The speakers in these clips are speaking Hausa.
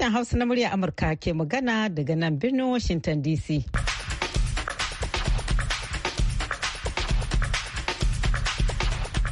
Sashen Hausa na murya Amurka ke magana daga nan birnin Washington DC.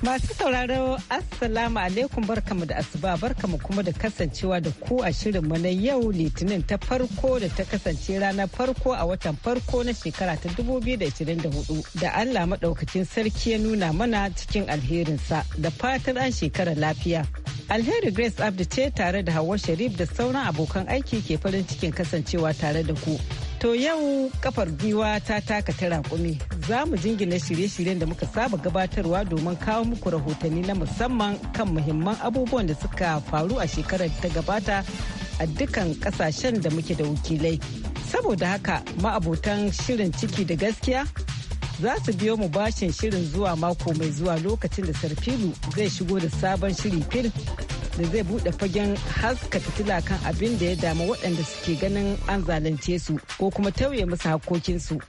Masu sauraro Assalamu alaikum barkamu da asuba barkamu kuma da kasancewa da ku a shirinmu na yau litinin ta farko da ta kasance ranar farko a watan farko na shekara ta 2024 da Allah maɗaukacin sarki ya nuna mana cikin alherinsa da fatar an shekara lafiya. Alheri Grace Abdi ce tare da Hauwa Sharif da sauran abokan aiki ke farin cikin kasancewa tare da ku. To yau kafar giwa ta taka ta raƙumi za mu jingina shirye-shiryen da muka saba gabatarwa domin kawo muku rahotanni na musamman kan muhimman abubuwan da suka faru a shekarar ta gabata a dukkan kasashen da muke da wakilai. Saboda haka ma'abotan shirin ciki da gaskiya za su biyo mu bashin shirin zuwa mako mai zuwa lokacin da sarfilu zai shigo da sabon shiri fil da zai buɗe fagen haska fitila kan abin da ya dama waɗanda suke ganin an zalunce su ko kuma tauye musu hakokinsu.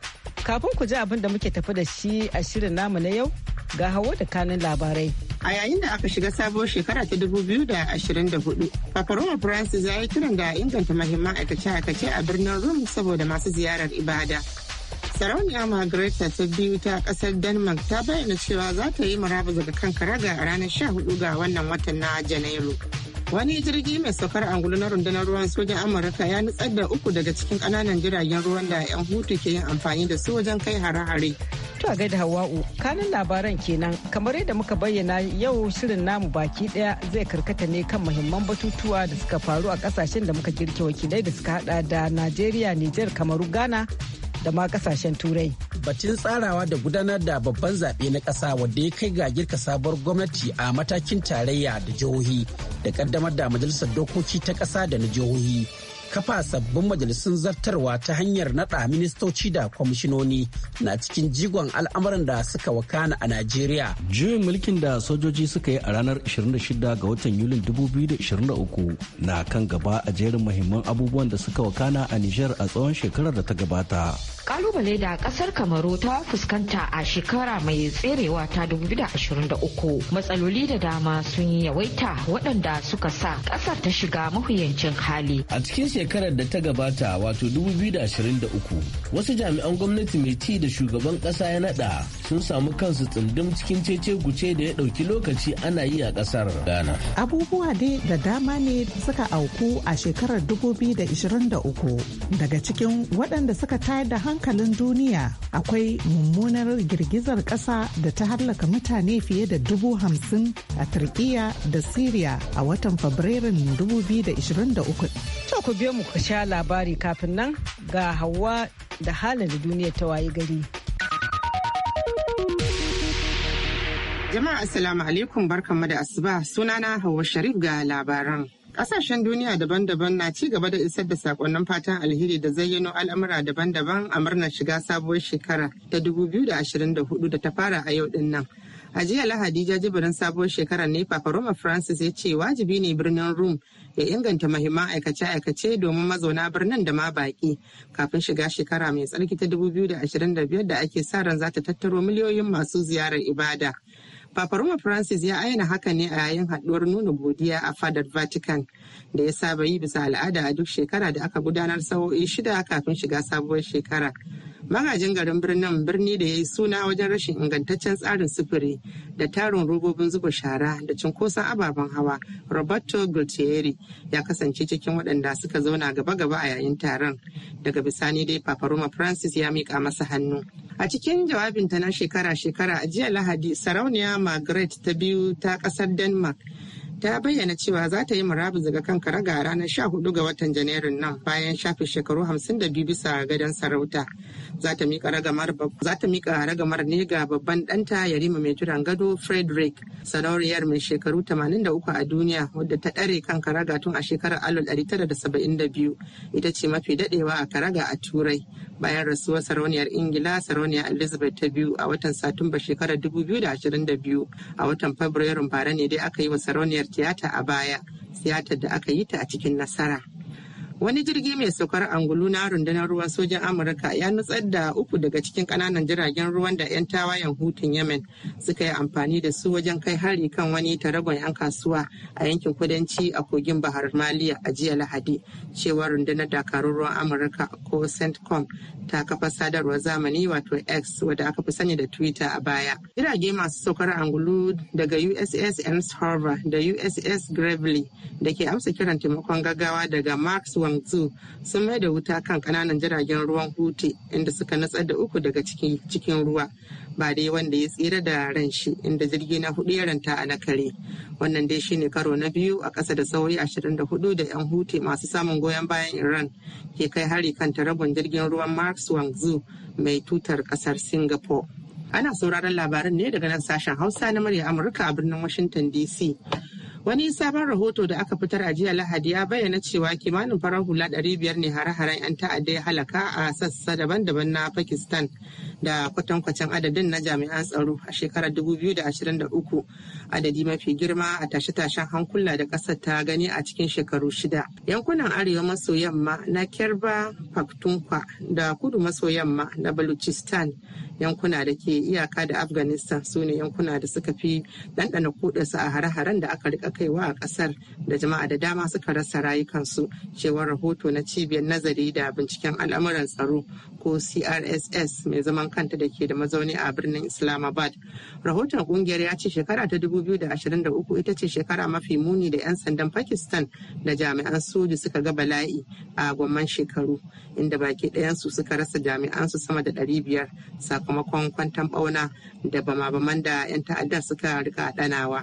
Kafin ku ji abin da muke tafi da shi a shirin namu na yau ga hawo da kanun labarai. A yayin da aka shiga sabuwar shekara ta dubu biyu 2024, Paparoma Francis ya yi kiran da inganta mahimman aikace-aikace a birnin Rome saboda masu ziyarar ibada. Sarauniya Margareta ta biyu ta kasar Denmark ta bayyana cewa za ta yi maraba daga kan karaga a ranar 14 ga wannan watan na Janairu. Wani jirgi mai saukar angulu na rundunar ruwan sojan Amurka ya nutsar da uku daga cikin kananan jiragen ruwan da 'yan hutu ke yin amfani da su wajen kai hare-hare. To a gaida Hawa'u, kanin labaran kenan kamar yadda muka bayyana yau shirin namu baki daya zai karkata ne kan muhimman batutuwa da suka faru a kasashen da muka girke wakilai da suka hada da Najeriya, Nijar, Kamaru, Ghana da ma kasashen turai. Batun tsarawa da gudanar da babban zaɓe na ƙasa wadda ya kai ga girka sabuwar gwamnati a matakin tarayya da jihohi da ƙaddamar da majalisar dokoki ta ƙasa da na jihohi kafa sabbin majalisun zartarwa ta hanyar naɗa ministoci da kwamishinoni na cikin jigon al'amuran da suka wakana a Najeriya. Juyin mulkin da sojoji suka yi a ranar 26 ga watan Yulin 2023 na kan gaba a jerin muhimman abubuwan da suka wakana a Nijar a tsawon shekarar da ta gabata. kalubale da kasar kamaru ta fuskanta a shekara mai tserewa ta 2023 matsaloli da dama sun yi yawaita waɗanda suka sa ƙasar ta shiga mahuyancin hali a cikin shekarar da ta gabata wato 2023 wasu jami'an gwamnati mai ci da shugaban ƙasa ya naɗa sun samu kansu tsundum cikin cece guce da ya ɗauki lokaci ana yi a ƙasar ghana abubuwa dai da dama ne suka auku a shekarar 2023 daga cikin waɗanda suka tayar da hankali hankalin duniya akwai mummunar girgizar ƙasa da ta hallaka mutane fiye da dubu hamsin a turkiya da syria a watan fabrairun 2023 to ku biyo mu ku sha labari kafin nan ga hawa da halin da duniya ta wayi gari jama'a assalamu alaikum barkanmu da asuba sunana hawa sharif ga labaran Ƙasashen duniya daban-daban na ci gaba da isar da sakonnin fatan alheri da zayyano al'amura daban-daban a murnar shiga sabuwar shekara ta 2024 da ta fara a yau din nan. A jiya Lahadi jajibirin sabuwar shekarar ne Papa Roma Francis ya ce wajibi ne birnin Rome ya inganta mahimman aikace-aikace domin mazauna birnin da ma baƙi kafin shiga shekara mai tsarki ta 2025 da ake sa ran za ta tattaro miliyoyin masu ziyarar ibada. roma Francis ya aina haka ne a yayin haɗuwar nuna godiya a fadar Vatican da ya saba yi bisa al'ada a duk shekara da aka gudanar sa'o'i shida kafin shiga sabuwar shekara. magajin garin birnin birni da ya yi suna wajen rashin ingantaccen tsarin sufuri da tarin robobin zuba shara da cunkoson ababen hawa roberto gualtieri ya kasance cikin waɗanda suka zauna gaba-gaba a yayin taron daga bisani dai paparoma francis ya miƙa masa hannu a cikin jawabinta na shekara-shekara a jiya lahadi sarauniya margaret ta biyu ta ƙasar denmark ta bayyana cewa za ta yi murabus daga kan karaga ranar 14 ga watan janairun nan bayan shafe shekaru 52 bisa gadon sarauta za ta mika ragamar ne ga babban ɗanta yarima mai jiran gado frederick sarauniyar mai shekaru 83 a duniya wadda ta ɗare kan karaga tun a shekarar 1972 ita ce mafi daɗewa a karaga a turai bayan rasuwar sarauniyar ingila sarauniyar elizabeth ta biyu a watan satumba shekarar 2022 a watan fabrairun bara ne dai aka yi wa sarauniyar tiyata a baya, tiyatar da aka yi ta a cikin nasara. wani jirgi mai saukar angulu na rundunar ruwa sojan amurka ya nutsar da uku daga cikin kananan jiragen ruwan da 'yan tawayen hutun yemen suka yi amfani da su wajen kai hari kan wani taragon 'yan kasuwa a yankin kudanci a kogin bahar maliya a jiya lahadi cewa rundunar dakarun ruwan amurka ko centcom ta kafa sadarwar zamani wato x wadda aka fi sani da twitter a baya jirage masu saukar angulu daga uss ernst harbor da uss gravely da ke amsa kiran taimakon gaggawa daga maxwell guangzhou sun mai da wuta kan kananan jiragen ruwan huti inda suka natsar da uku daga cikin ruwa ba dai wanda ya tsira da ran shi inda jirgi na hudu ya ranta a nakare wannan dai shine karo na biyu a ƙasa da sauri 24 da yan huti masu samun goyon bayan iran ke kai hari kan tarabon jirgin ruwan mars wanzu mai tutar ƙasar singapore ana sauraron labaran ne daga nan sashen hausa na murya amurka a birnin washington dc Wani sabon rahoto da aka fitar a jiya Lahadi ya bayyana cewa kimanin farar hula 500 ne hare-haren 'yan ta'adda ya halaka a sassa daban-daban na Pakistan da kwatankwacin adadin na jami'an tsaro a shekarar 2023 adadi mafi girma a tashe-tashen hankula da ƙasar ta gani a cikin shekaru shida. Yankunan arewa maso yamma na Kerba Pakhtunkhwa da kudu maso yamma na Baluchistan yankuna da ke iyaka da afghanistan su ne yankuna da suka fi ɗanɗana kudinsu a hare-haren da aka rika kaiwa a ƙasar da jama'a da dama suka rasa rayukansu cewar rahoto na cibiyar nazari da binciken al'amuran tsaro ko crss mai zaman kanta da ke da mazauni a birnin islamabad rahoton kungiyar ya ce shekara ta 2023 ita ce shekara mafi muni da 'yan sandan pakistan da jami'an soji suka ga bala'i a gwamman shekaru inda baki ɗayansu suka rasa jami'ansu sama da 500 sakamakon sakamakon kwantan bauna da bama-baman da 'yan ta'adda suka rika danawa.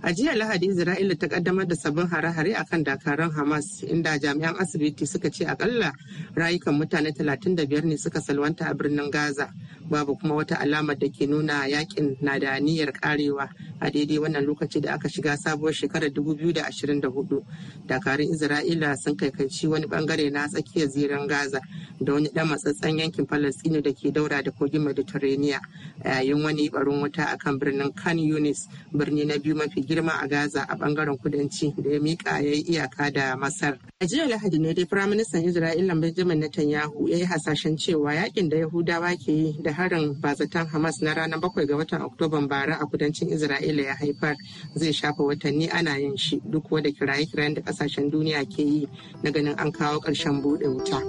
a jiya lahadi isra'ila ta kaddamar da sabbin hare-hare a kan dakarun hamas inda jami'an asibiti suka ce akalla rayukan mutane 35 ne suka salwanta a birnin gaza babu kuma wata alamar da ke nuna yakin na da niyyar karewa a daidai wannan lokaci da aka shiga sabuwar shekarar 2024 dakarun isra'ila sun kaici wani bangare na tsakiyar ziran gaza da wani dan matsatsen yankin falastinu da ke daura da kogin a yayin wani barin wuta akan birnin khan yunis birni na biyu mafi girma a gaza a bangaren kudanci da ya mika ya yi iyaka da masar a jiya lahadi ne dai firaministan isra'ila benjamin netanyahu ya yi hasashen cewa yakin da yahudawa ke yi da harin bazatan Hamas na ranar bakwai ga watan Oktoban bara a kudancin Isra'ila ya haifar zai shafa watanni ana yin shi duk wanda kiraye-kirayen da kasashen duniya ke yi na ganin an kawo ƙarshen buɗe wuta.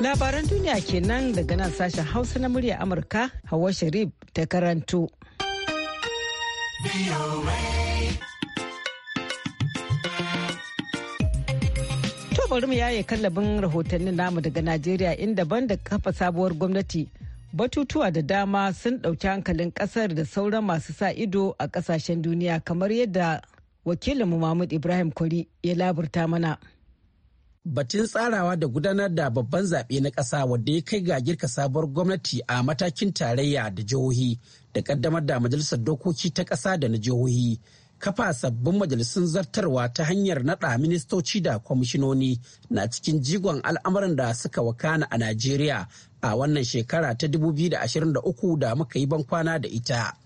Labaran duniya kenan daga nan sashen Hausa na murya Amurka, Hawa Sharif ta karanto. bari mu yaye kallabin rahotannin namu daga Najeriya inda ban da kafa sabuwar gwamnati batutuwa da dama sun ɗauki hankalin ƙasar da sauran masu sa ido a ƙasashen duniya kamar yadda wakilinmu Mahmud Ibrahim kuri ya laburta mana. Batun tsarawa da gudanar da babban zaɓe na ƙasa wadda ya kai ga girka sabuwar gwamnati a matakin tarayya da jihohi da ƙaddamar da majalisar dokoki ta ƙasa da na jihohi kafa sabbin majalisun zartarwa ta hanyar naɗa ministoci da kwamishinoni na cikin jigon al'amuran da suka wakana a najeriya a wannan shekara ta 2023 da muka yi bankwana da ita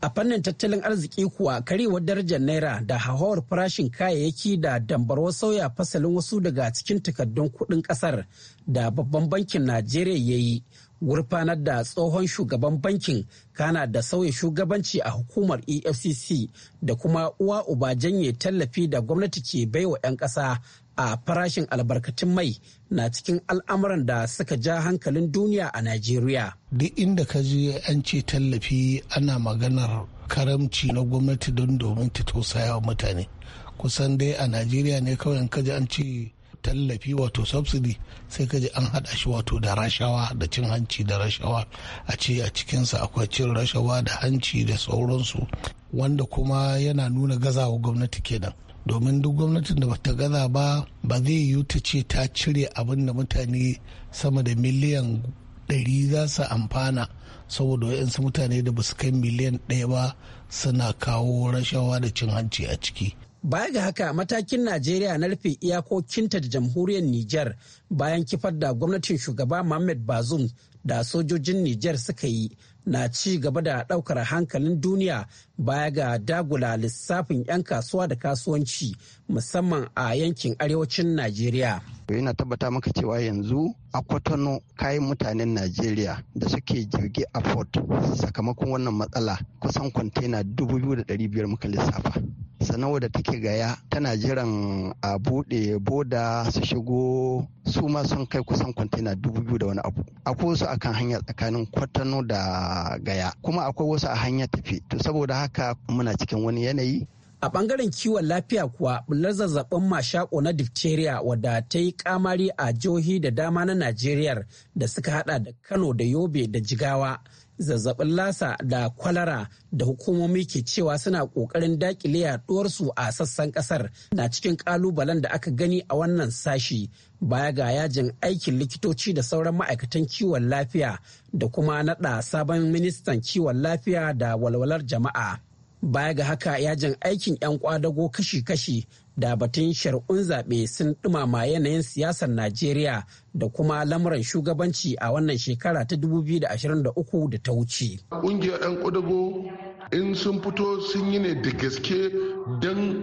a fannin tattalin arziki kuwa karewar darajar naira da hauhawar farashin kayayyaki da dambarwar sauya fasalin wasu daga cikin takardun kudin kasar, da babban bankin najeriya ya yi gurfanar da tsohon shugaban bankin kana da sauya shugabanci a hukumar efcc da kuma uwa uba janye tallafi da gwamnati ke baiwa 'yan ƙasa a farashin albarkatun mai na cikin al'amuran da suka ja hankalin duniya a najeriya duk inda ka je an ce tallafi ana maganar karamci na gwamnati don domin ta tausaya wa mutane kusan dai a najeriya ne kawai ka an ce tallafi wato subsidy sai kaji an haɗa shi wato da rashawa da cin hanci da rashawa a ce a cikinsa akwai cin rashawa da hanci da sauransu wanda kuma yana nuna gazawa gwamnati kenan domin duk gwamnatin da bata gaza ba ba zai yiwu ta ce ta cire abin da mutane sama da miliyan ɗari za su amfana saboda waɗansu mutane da ba su kai miliyan ɗaya ba suna kawo rashawa da cin hanci a ciki Baya ga haka matakin Najeriya na rufe iyakokinta da jamhuriyar Nijar bayan kifar da gwamnatin shugaba Mohamed Bazoum da sojojin Nijar suka yi na ci gaba da daukar hankalin duniya baya ga dagula lissafin 'yan kasuwa da kasuwanci musamman a yankin arewacin Najeriya. yana tabbata maka cewa yanzu a kwatano kayan mutanen Najeriya da suke jirgi a port sakamakon wannan matsala kusan kwantena 2,500 muka lissafa. sanawa da take gaya tana jiran a bude boda su shigo su ma sun kai kusan kwantena dubu biyu da wani abu akwai wasu akan hanya tsakanin kwatano da gaya kuma akwai wasu a hanya tafi to saboda haka muna cikin wani yanayi a bangaren kiwon lafiya kuwa bullar zazzabin mashako na diphtheria wadda ta yi kamari a jihohi da dama na najeriya da suka hada da kano da yobe da jigawa zazzabin lasa da kwalara da hukumomi ke cewa suna ƙoƙarin dakile yaduwarsu a sassan ƙasar na cikin ƙalubalen da aka gani a wannan sashi baya ga yajin aikin likitoci da sauran ma'aikatan kiwon lafiya da kuma naɗa sabon ministan kiwon lafiya da walwalar jama'a. baya ga haka yajin aikin 'yan kwadago kashi-kashi da batun shari'un zaɓe sun ɗumama yanayin siyasar najeriya da kuma lamuran shugabanci a wannan shekara ta 2023 da ta wuce ƙungiyar 'yan kwadago in sun fito sun yi ne da gaske don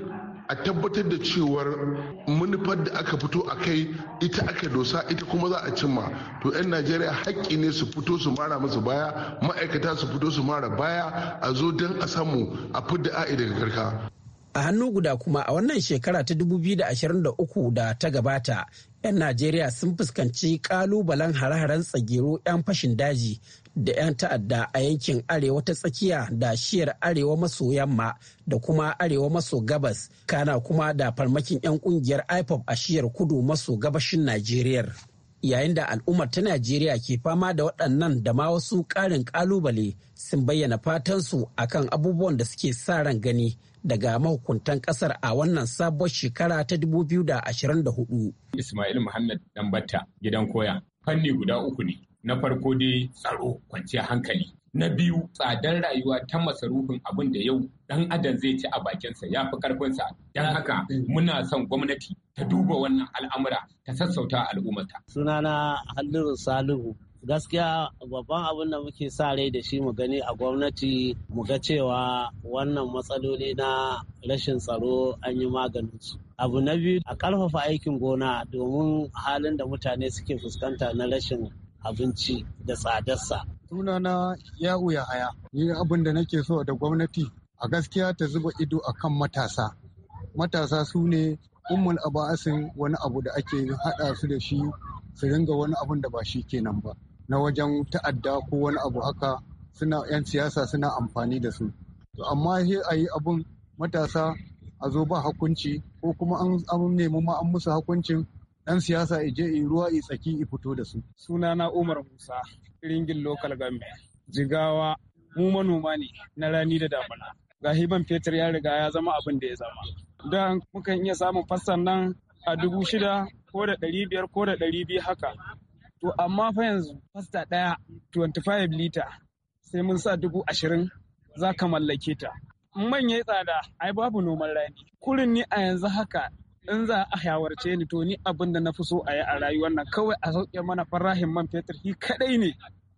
a tabbatar da cewar manufar da aka fito a kai ita aka dosa ita kuma za a cimma to 'yan najeriya haƙƙi ne su fito su mara masu baya ma'aikata su fito su mara baya a zo don a samu a fidda a'i daga karka a hannu guda kuma a wannan shekara ta 2023 da ta gabata 'yan najeriya sun fuskanci ƙalubalen hare-haren tsagero 'yan fashin daji da 'yan ta'adda a yankin arewa ta tsakiya da shiyar arewa maso yamma da kuma arewa maso gabas kana kuma da farmakin 'yan kungiyar ipop a shiyar kudu maso gabashin najeriya yayin da al'ummar ta najeriya ke fama da waɗannan da ma wasu ƙarin ƙalubale sun bayyana fatansu akan abubuwan da suke sa ran gani daga mahukuntan ƙasar a wannan sabon shekara ta 2024. Ismail Muhammad Dambata gidan koya. Fanni guda uku ne. na farko dai tsaro kwanciyar hankali na biyu tsadar rayuwa ta masarufin abin da yau dan adam zai ci a bakinsa ya fi karfinsa don haka muna son gwamnati ta duba wannan al'amura ta sassauta al'ummata. sunana halliru salihu gaskiya babban abin da muke sa rai da shi mu gani a gwamnati mu ga cewa wannan matsaloli na rashin tsaro an yi maganin su abu na biyu a ƙarfafa aikin gona domin halin da mutane suke fuskanta na rashin abinci da tsadarsa. Sunana Ya'u haya. ni abin da nake so da gwamnati a gaskiya ta zuba ido a kan matasa. Matasa su ne a ba'asin wani abu da ake haɗa su da shi su ringa wani abun da ba shi kenan ba. Na wajen ta'adda ko wani abu haka suna 'yan siyasa suna amfani da su. To Amma sai a yi abin matasa a zo ba hakunci ko kuma an nemi ma an musu hakuncin ɗan siyasa ya je yi ruwa ya tsaki ya fito da su. Suna na Umar Musa, ringin Lokal government, jigawa mu manoma ne na rani da damuna. Ga hiban fetur ya riga ya zama abin da ya zama. Da mukan iya samun fassan nan a dubu shida ko da ɗari biyar ko da ɗari biyu haka. To amma fa yanzu fasta ɗaya 25 lita sai mun sa dubu ashirin za ka mallake ta. Manya tsada ai babu noman rani. Kurin ni a yanzu haka in za a hayawarce ni to ni abin da na fi so a yi a rayuwar nan kawai a sauke mana farahin man fetur shi kadai ne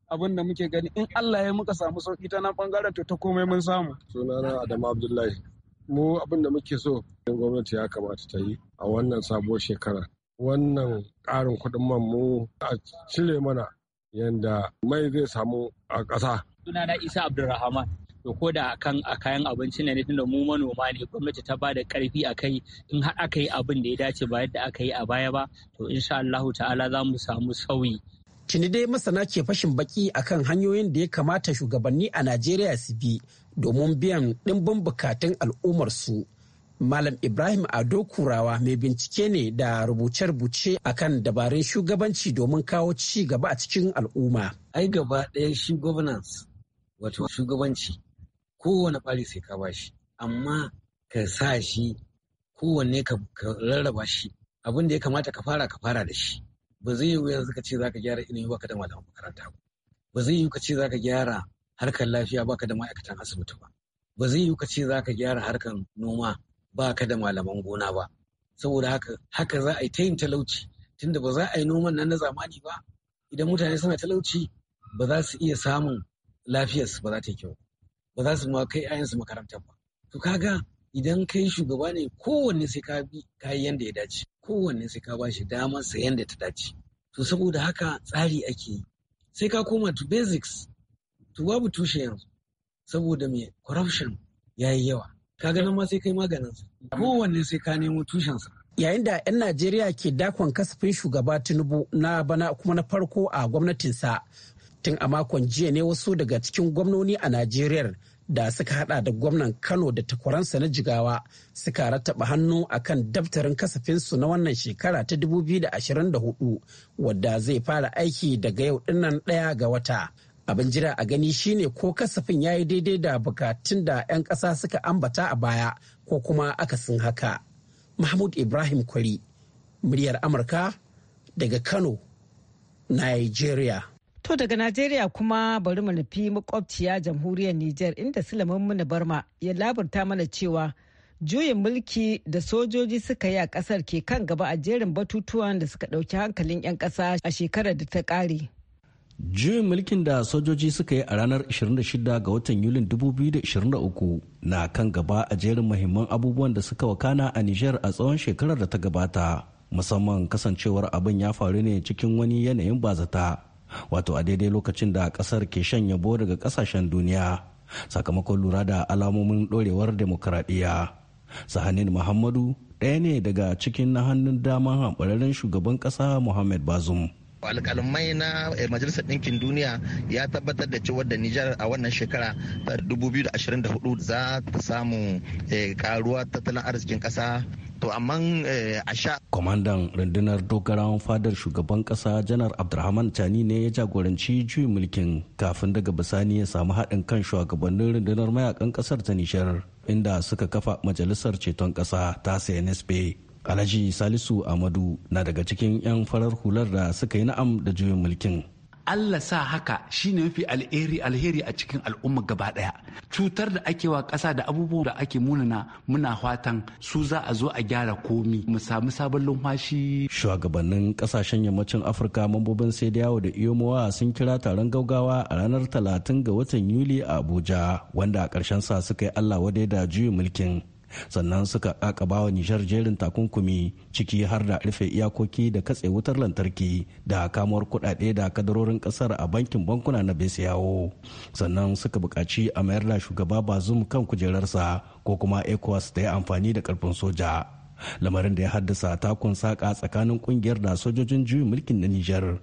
abin da muke gani in Allah ya muka samu sauki ta nan bangaren to ta komai mun samu sunana Adamu Abdullahi mu abin da muke so gwamnati ya kamata ta yi a wannan sabuwar shekara wannan ƙarin kuɗin man mu a cire mana yanda mai zai samu a ƙasa sunana Isa Abdulrahman to ko da kan a kayan abinci ne tunda mu manoma ne gwamnati ta bada karfi a kai in har aka yi abin da ya dace ba yadda aka yi a baya ba to insha Allahu ta'ala za mu samu sauyi tuni dai masana ke fashin baki akan hanyoyin da ya kamata shugabanni a Najeriya su bi domin biyan dimbin bukatun al'ummar su Malam Ibrahim Ado Kurawa mai bincike ne da rubuce-rubuce akan dabarun shugabanci domin kawo ci gaba a cikin al'umma. Ai gaba ɗaya shi governance shugabanci kowane ɓari sai ka bashi amma ka sa shi kowanne ka rarraba shi abin da ya kamata ka fara ka fara da shi ba zai yiwu yanzu ka ce za ka gyara ilimi ba ka da malaman makaranta ba ba zai yiwu ka ce za ka gyara harkar lafiya ba ka da ma'aikatan asibiti ba ba zai yiwu ka ce za ka gyara harkar noma ba ka da malaman gona ba saboda haka haka za a yi ta yin talauci tunda ba za a yi noman nan na zamani ba idan mutane suna talauci ba za su iya samun lafiyarsu ba za ta yi kyau ba za su ma kai 'ya'yansu makaranta ba to kaga idan kai shugaba ne kowanne sai ka bi yanda ya dace kowanne sai ka bashi damar sa yanda ta dace to saboda haka tsari ake yi sai ka koma to basics to babu tushe yanzu saboda me corruption ya yi yawa ka ganin ma sai kai maganin sa kowanne sai ka nemo tushen sa yayin da 'yan najeriya ke dakon kasafin shugaba tinubu na bana kuma na farko a gwamnatinsa tun a makon jiya ne wasu daga cikin gwamnoni a najeriya da suka hada da gwamnan kano da takwaransa na jigawa suka rattaba hannu akan daftarin kasafinsu na wannan shekara ta 2024 wadda zai fara aiki daga yau dinnan daya ga wata abin jira a gani shine ko kasafin ya yi daidai da bukatun da 'yan ƙasa suka ambata a baya ko kuma aka sun haka mahmud ibrahim kwari muryar amurka daga kano nigeria To daga Najeriya kuma bari mu nufi makwabciya jamhuriyar Nijar inda Sulaiman Muna Barma ya labarta mana cewa juyin mulki da sojoji suka yi a kasar ke kan gaba a jerin batutuwan da suka ɗauki hankalin 'yan ƙasa a shekarar da ta ƙare. Juyin mulkin da sojoji suka yi a ranar 26 ga watan Yulin 2023 na kan gaba a jerin mahimman abubuwan da suka wakana a Nijar a tsawon shekarar da ta gabata, musamman kasancewar abin ya faru ne cikin wani yanayin bazata. wato a daidai lokacin da kasar ke shan yabo daga kasashen duniya sakamakon lura da alamomin dorewar demokradiyya sahanin muhammadu ɗaya ne daga cikin na hannun daman hamɓararren shugaban ƙasa muhammad bazum alƙalmai na eh, majalisar ɗinkin duniya ya tabbatar da cewa da nijar a wannan shekara ta 2024 za ta samu karuwa eh, tattalin arzikin ƙasa to amma eh, a sha. kwamandan rundunar dogaran fadar shugaban kasa janar abdulrahman chani ne ya jagoranci juyin mulkin kafin daga bisani ya samu haɗin kan shugabannin rundunar mayakan kasar ta nishar inda suka kafa majalisar ceton kasa ta cnsp alhaji salisu amadu na daga cikin 'yan farar hular da suka yi na'am da juyin mulkin Allah sa haka shine mafi alheri alheri a cikin al'umma gaba daya cutar da ake wa ƙasa da abubuwan da ake munana muna fatan su za a zo a gyara komi mu samu sabon lumfashi shugabannin kasashen yammacin afirka mambobin sai da yawo da iyomowa sun kira taron gaugawa a ranar talatin ga watan yuli a abuja wanda a ƙarshen sa suka yi allah wadai da juyin mulkin sannan suka kakaba wa nishar jerin takunkumi ciki har da rufe iyakoki da katse wutar lantarki da kamuwar kuɗaɗe da kadarorin ƙasar a bankin bankuna na besiyawo sannan suka buƙaci a mayar da shugaba bazum kan kujerarsa ko kuma ecowas da ya amfani da karfin soja lamarin da ya haddasa takun saƙa tsakanin ƙungiyar da sojojin juyin mulkin na nijar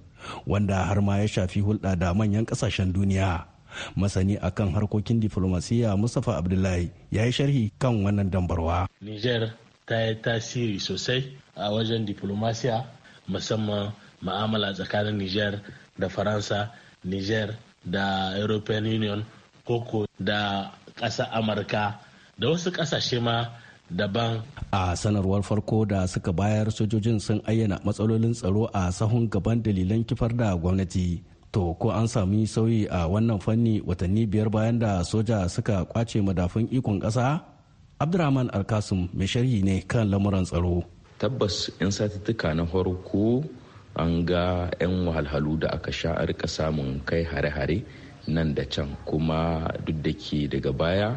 wanda har ma ya shafi hulɗa da manyan ƙasashen duniya masani a kan harkokin diflomasiyya mustapha abdullahi ya yi sharhi kan wannan dambarwa niger ta yi tasiri sosai a wajen diflomasiya musamman ma'amala tsakanin niger da faransa niger da european union koko da ƙasa amurka da wasu ƙasashe ma daban. A sanarwar farko da suka bayar sojojin sun ayyana matsalolin tsaro a sahun gaban dalilan kifar da gwamnati to ko an sami sauyi a wannan fanni watanni biyar bayan da soja suka kwace madafun ikon ƙasa abdurrahman alkasum mai sharhi ne kan lamuran tsaro tabbas in satuttuka na farko an ga 'yan wahalhalu da aka sha a rika samun kai hare-hare nan da can kuma duk da ke daga baya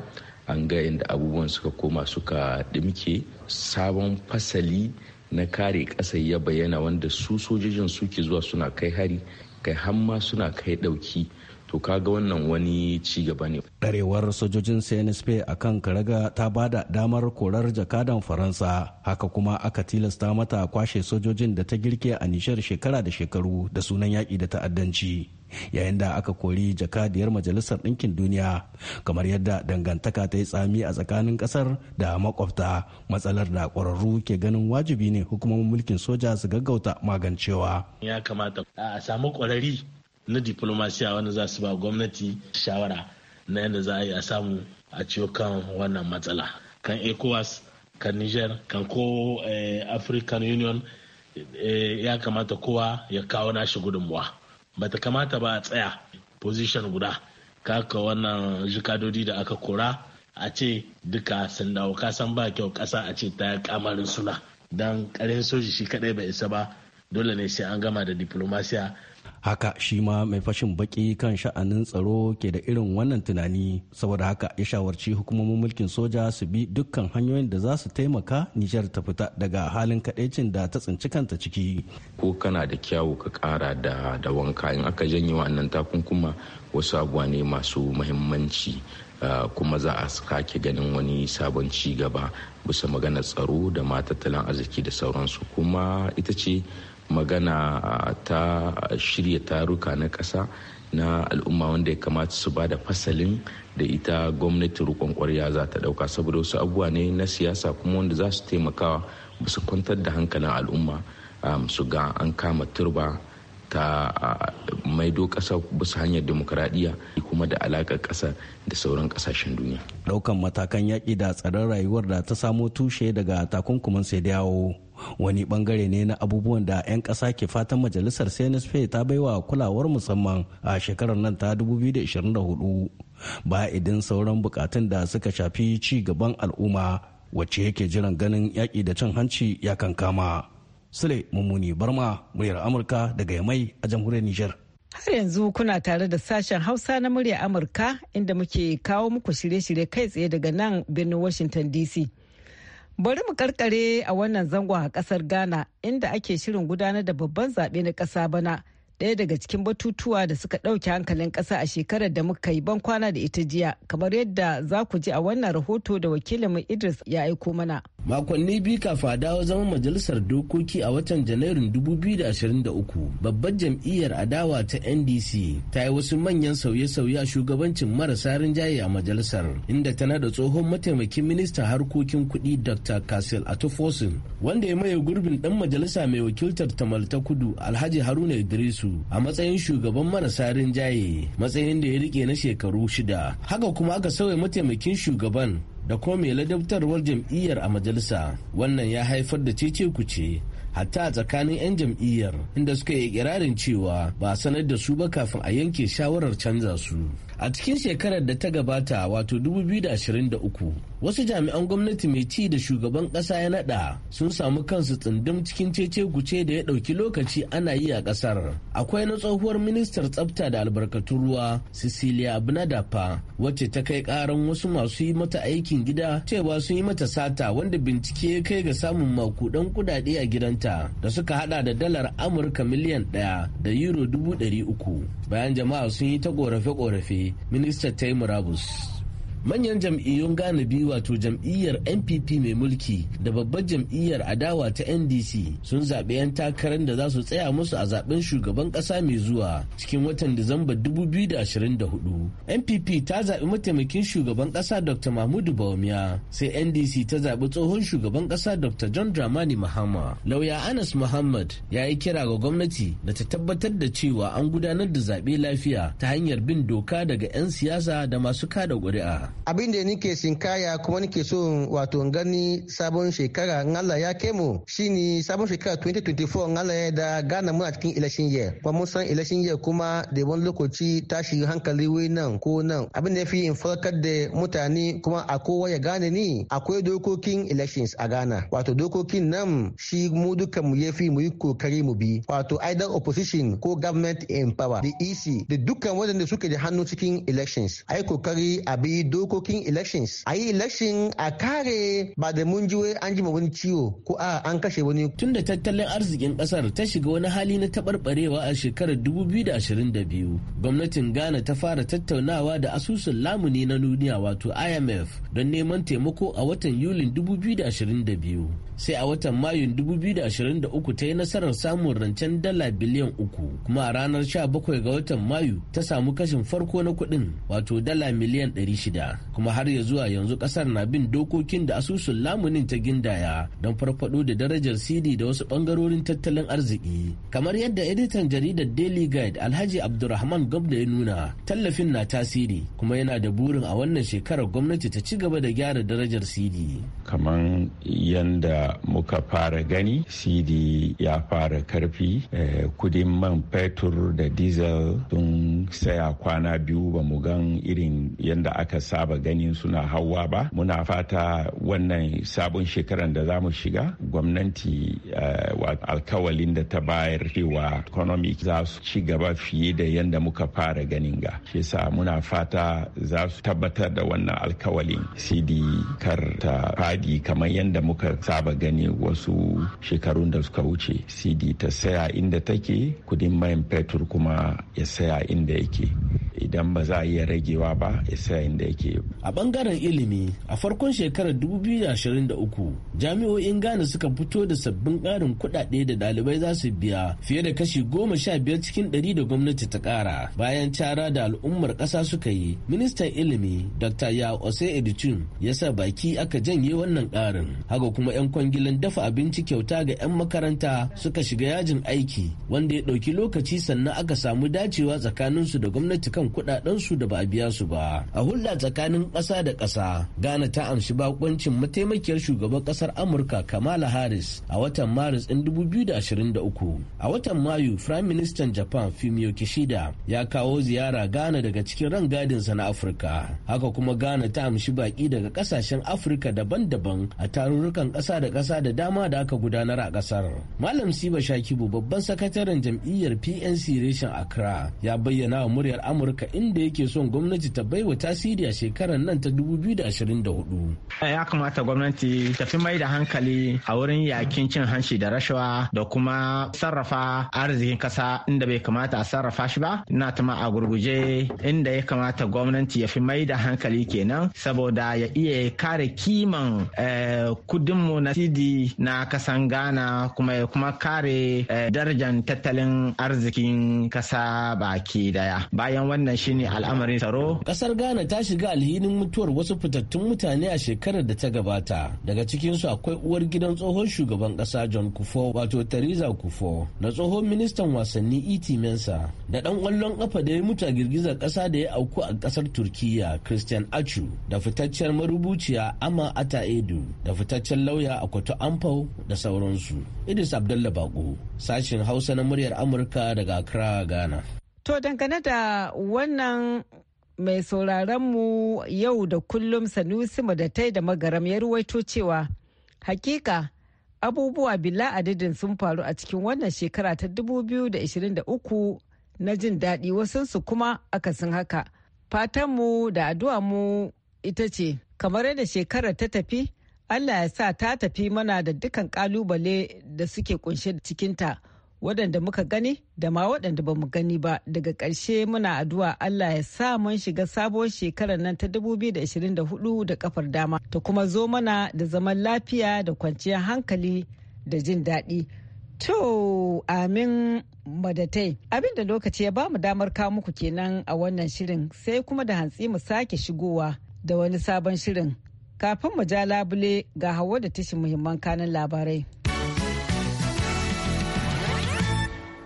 an ga inda abubuwan suka koma suka dimke sabon fasali na kare ƙasa ya bayyana wanda su sojojin suke zuwa suna kai hari kai hamma suna kai ɗauki to kaga wannan wani ci gaba ne. Darewar sojojin CNSP a kan Karaga ta bada damar korar jakadan Faransa haka kuma aka tilasta mata kwashe sojojin da ta girke a nishar shekara da shekaru da sunan yaƙi da ta'addanci. yayin da aka kori jakadiyar majalisar ɗinkin duniya kamar yadda dangantaka ta yi tsami a tsakanin ƙasar da makwabta matsalar da ƙwararru ke ganin wajibi ne hukumomin mulkin soja su gaggauta magancewa ya kamata a samu ƙwararri na diplomasiya wanda za su ba gwamnati shawara na yadda za a yi a samu a ciwo kan wannan matsala kan ecowas kan niger kan ko eh, african union eh, ya kamata kowa ya kawo nashi gudunmuwa bata kamata ba a tsaya position guda kaka wannan jikadodi da aka kora a ce duka sun dawo kasan ba kyau kasa a ce ta kamarin suna don karin soji shi kadai ba isa ba dole ne sai an gama da diplomasiya haka shi ma mai fashin baki kan sha'anin tsaro ke da irin wannan tunani saboda haka ya shawarci hukumomin mulkin soja su bi dukkan hanyoyin da za su taimaka nijar ta fita daga halin kadaicin da ta tsinci kanta ciki ko kana da kyawu ka kara da da wanka in aka janye wannan takunkuma wasu abuwa ne masu muhimmanci ah, kuma za a sake ganin wani sabon ci gaba bisa maganar tsaro da ma tattalin arziki da sauransu kuma ita ce magana ta shirya taruka na ƙasa na al'umma wanda ya kamata su ba da fasalin da ita gwamnati rukon kwarya za ta dauka saboda wasu abubuwa ne na siyasa kuma wanda za su taimakawa ba su kwantar da hankalin al'umma um, su ga an kama turba ta maido kasa bisa hanyar demokuraɗiyya kuma da alaƙar ƙasa da sauran ƙasashen duniya. Ɗaukan matakan yaƙi da tsaron rayuwar da ta samo tushe daga takunkuman sai dawo wani bangare ne na abubuwan da 'yan ƙasa ke fatan majalisar cnsp ta baiwa kulawar musamman a shekarar nan ta 2024 ba idan sauran bukatun da suka shafi ci gaban al'umma wacce yake jiran ganin yaƙi da cin hanci ya kankama Sule Mummuni Barma muryar Amurka daga Yamai a jamhuriyar Nijar. Har yanzu kuna tare da sashen Hausa na muryar Amurka inda muke kawo muku shirye-shirye kai tsaye daga nan birnin Washington DC. Bari mu karkare a wannan zango a kasar Ghana inda ake shirin gudanar da babban zaɓe na ƙasa bana ɗaya daga cikin batutuwa da suka ɗauke hankalin ƙasa a shekarar da muka yi ban kwana da ita jiya kamar yadda za ku ji a wannan rahoto da wakilinmu idris ya aiko mana makonni biyu kafa dawo zama majalisar dokoki a watan janairun 2023 babbar jam'iyyar adawa ta ndc ta yi wasu manyan sauye-sauye a shugabancin marasa rinjaye a majalisar inda ta naɗa tsohon mataimakin minista harkokin kuɗi dr kasil atufosin wanda ya maye gurbin ɗan majalisa mai wakiltar tamal ta kudu alhaji haruna idrisu a matsayin shugaban marasa rinjaye matsayin da ya rike na shekaru shida. Haka kuma aka sauya mataimakin shugaban da kuma mai ladabtarwar jam'iyyar a majalisa. Wannan ya haifar da cece kuce hatta a tsakanin 'yan jam'iyyar inda suka yi kirarin cewa ba sanar da su ba kafin a yanke shawarar canza su. a cikin shekarar da ta gabata wato 2023 wasu jami'an gwamnati mai ci da shugaban kasa ya nada sun samu kansu tsundum cikin cece guce da ya ɗauki lokaci ana yi a ƙasar akwai na tsohuwar ministar tsafta da albarkatun ruwa cecilia abinadapa wacce ta kai ƙaran wasu masu yi mata aikin gida cewa sun yi mata sata wanda bincike ya kai ga samun makudan kudade a gidanta da suka hada da dalar amurka miliyan ɗaya da euro dubu ɗari uku bayan jama'a sun yi ta korafe-korafe ministan ta yi murabus manyan jam'iyyun ganabi biyu wato jam'iyyar npp mai mulki da babbar jam'iyyar adawa ta ndc sun zaɓi 'yan takarar da za su tsaya musu a zaɓen shugaban ƙasa mai zuwa cikin watan disamba 2024 npp ta zaɓi mataimakin shugaban ƙasa dr mahmudu bawumia sai ndc ta zaɓi tsohon shugaban ƙasa dr john dramani mahama lauya anas muhammad ya yi kira ga gwamnati da ta tabbatar da cewa an gudanar da zaɓe lafiya ta hanyar bin doka daga 'yan siyasa da masu kada ƙuri'a abin da nike kaya kuma nike so wato gani sabon shekara in Allah ya kai mu shine sabon shekara 2024 in Allah ya da gana muna cikin election year kuma mun san election year kuma da wani lokaci shi hankali wai nan ko nan abin da ya fi in farkar da mutane kuma a kowa ya gane ni akwai dokokin elections a Ghana wato dokokin nan shi mu dukan mu yafi mu yi kokari mu bi wato either opposition ko government in power the EC da dukkan waɗanda suke da hannu cikin elections ai kokari a bi dokokin elections a yi election a kare ba da mun ji an ji wani ciwo ko a an kashe wani tun da tattalin arzikin kasar ta shiga wani hali na tabarbarewa a shekarar 2022 gwamnatin ghana ta fara tattaunawa da asusun lamuni na duniya wato imf don neman taimako a watan yulin 2022 sai a watan mayun 2023 ta yi nasarar samun rancen dala biliyan uku kuma a ranar 17 ga watan mayu ta samu kashin farko na kudin wato dala miliyan 600 kuma har ya zuwa yanzu kasar na bin dokokin da asusun lamunin ta gindaya don farfado da darajar cd da wasu bangarorin tattalin arziki kamar yadda editan jaridar daily guide alhaji abdulrahman gwamna ya nuna tallafin na tasiri kuma yana da burin a wannan shekarar gwamnati ta ci gaba da gyara darajar cd kamar yanda muka fara gani cd ya fara karfi eh, kudin man fetur da diesel tun saya kwana biyu ba mu gan irin yadda aka saba ganin suna hawa ba muna fata wannan sabon shekaran da za mu shiga gwamnati eh, alkawalin da ta bayar cewa economic za su ci gaba fiye da yadda muka fara ganin ga shi muna fata za su tabbatar da wannan alkawalin cd kar ta fadi kamar yadda muka saba taba gani wasu shekarun da suka wuce cd ta saya inda take kudin mayan fetur kuma ya saya inda yake idan ba za a iya ragewa ba ya saya inda yake a bangaren ilimi a farkon shekarar 2023 jami'o'in ghana suka fito da sabbin ƙarin kuɗaɗe da ɗalibai za su biya fiye da kashi goma sha biyar cikin ɗari da gwamnati ta ƙara bayan cara da al'ummar ƙasa suka yi ministan ilimi dr ya ose editun ya sa baki aka janye wannan ƙarin haka kuma 'yan kwangilan dafa abinci kyauta ga 'yan makaranta suka shiga yajin aiki wanda ya ɗauki lokaci sannan aka samu dacewa tsakanin su da gwamnati kan su da ba a biya su ba. A hulɗa tsakanin ƙasa da ƙasa, Ghana ta amshi bakuncin mataimakiyar shugaban ƙasar Amurka Kamala Harris a watan Maris ɗin 2023. A watan Mayu, Prime Minister Japan Fumio Kishida ya kawo ziyara Ghana daga cikin sa na Afirka. Haka kuma Ghana ta amshi baƙi daga ƙasashen Afirka daban-daban a tarurrukan ƙasa da ƙasa da dama da aka gudanar a ƙasar. Malam Siba Shakibu babban sakataren jam'iyyar PNC reshen Accra ya bayyana wa muryar Amurka inda yake son gwamnati ta baiwa tasiri a shekarar nan ta 2024. Ya kamata gwamnati ta fi mai da hankali a wurin yakin cin hanci da rashawa da kuma sarrafa arzikin ƙasa inda bai kamata a sarrafa shi ba. Ina tuma a gurguje inda ya kamata gwamnati ya fi mai da hankali kenan saboda ya iya kare kiman eh, kudinmu na OECD na kasan ghana kuma ya kuma kare eh, darajar tattalin arzikin kasa baki daya bayan wannan shine al'amarin tsaro kasar ghana ta shiga alhinin mutuwar wasu fitattun mutane a shekarar da ta gabata daga cikinsu akwai uwar gidan tsohon shugaban kasa john kufo wato theresa kufo na tsohon ministan wasanni E.T. mensa da dan kwallon kafa da ya mutu a girgizar kasa da ya auku a kasar turkiya christian achu da fitaccen marubuciya ama ata edu da fitaccen lauya a Sokoto Amfau da sauransu. Idris Abdullah Bako, sashin Hausa na muryar Amurka daga Accra, Ghana. To dangane da wannan mai sauraronmu yau da kullum Sanusi Madatai da Magaram ya ruwaito cewa hakika abubuwa bila adadin sun faru a cikin wannan shekara ta 2023 na jin daɗi wasansu kuma akasin haka. Fatanmu da addu'a mu ita ce, kamar yadda shekarar ta tafi, Allah ya sa ta tafi mana da dukkan kalubale da suke kunshe cikinta waɗanda muka gani da ma waɗanda ba mu gani ba daga ƙarshe muna addu'a Allah ya sa mun shiga sabon shekarar nan ta 2024 da kafar dama ta kuma zo mana da zaman lafiya da kwanciyar hankali da jin daɗi. To amin madatai abin da lokaci ya ba mu damar kawo muku kenan a wannan shirin sai kuma da hantsi mu sake shigowa da wani sabon shirin Kafin mu ja labule ga hawa da tashin muhimman kanin labarai.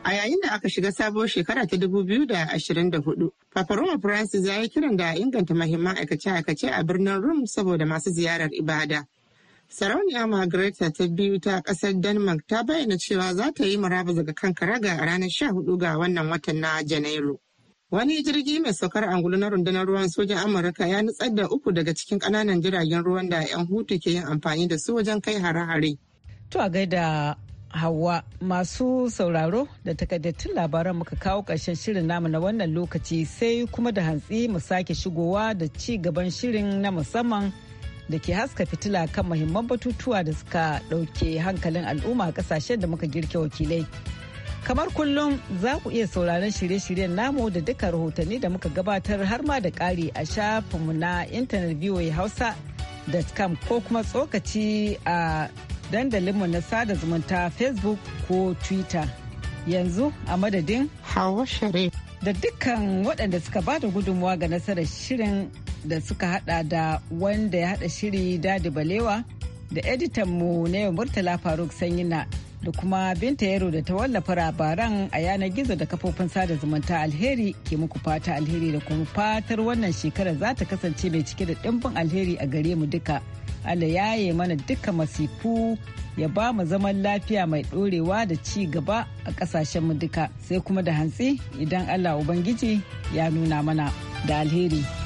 A yayin da aka shiga sabuwar shekara ta 2024, Papa Roma Francis ya yi kiran da inganta mahimman aikace-aikace a birnin Rum saboda masu ziyarar ibada. Sarauniya Margareta ta biyu ta kasar Denmark ta bayyana cewa za ta yi maraba daga kan ga a ranar 14 ga wannan watan na Janairu. Wani jirgi mai saukar angulu na rundunar ruwan sojan Amurka ya nutsar da uku daga cikin ƙananan jiragen ruwan da 'yan hutu ke yin amfani da su wajen kai hare-hare. To a gaida Hauwa masu sauraro da takaddatun labaran muka kawo ƙarshen shirin namu na wannan lokaci sai kuma da hantsi mu sake shigowa da ci gaban shirin na musamman da ke haska fitila kan muhimman batutuwa da suka ɗauke hankalin al'umma a ƙasashen da muka girke wakilai. Kamar kullum za ku iya sauraron shirye-shiryen namu da duka rahotanni da muka gabatar har ma da kari a shafinmu na intanet VOA Hausa.com ko kuma tsokaci a dandalinmu na sada zumunta Facebook ko Twitter. Yanzu a madadin Hawa Sharif. Da dukkan waɗanda suka ba da gudunmuwa ga nasarar shirin da suka hada da wanda ya hada shiri Dadi Balewa da editanmu na yau Murtala Faruk sanyi na da kuma Binta Yaro da ta wallafa labaran a yanar gizo da kafofin sada zumunta alheri ke muku fata alheri da kuma fatar wannan shekara za ta kasance mai cike da ɗimbin alheri a gare mu duka. Allah ya yi mana duka masifu ya ba mu zaman lafiya mai ɗorewa da ci gaba a mu duka sai kuma da hantsi idan Allah Ubangiji ya nuna mana da alheri.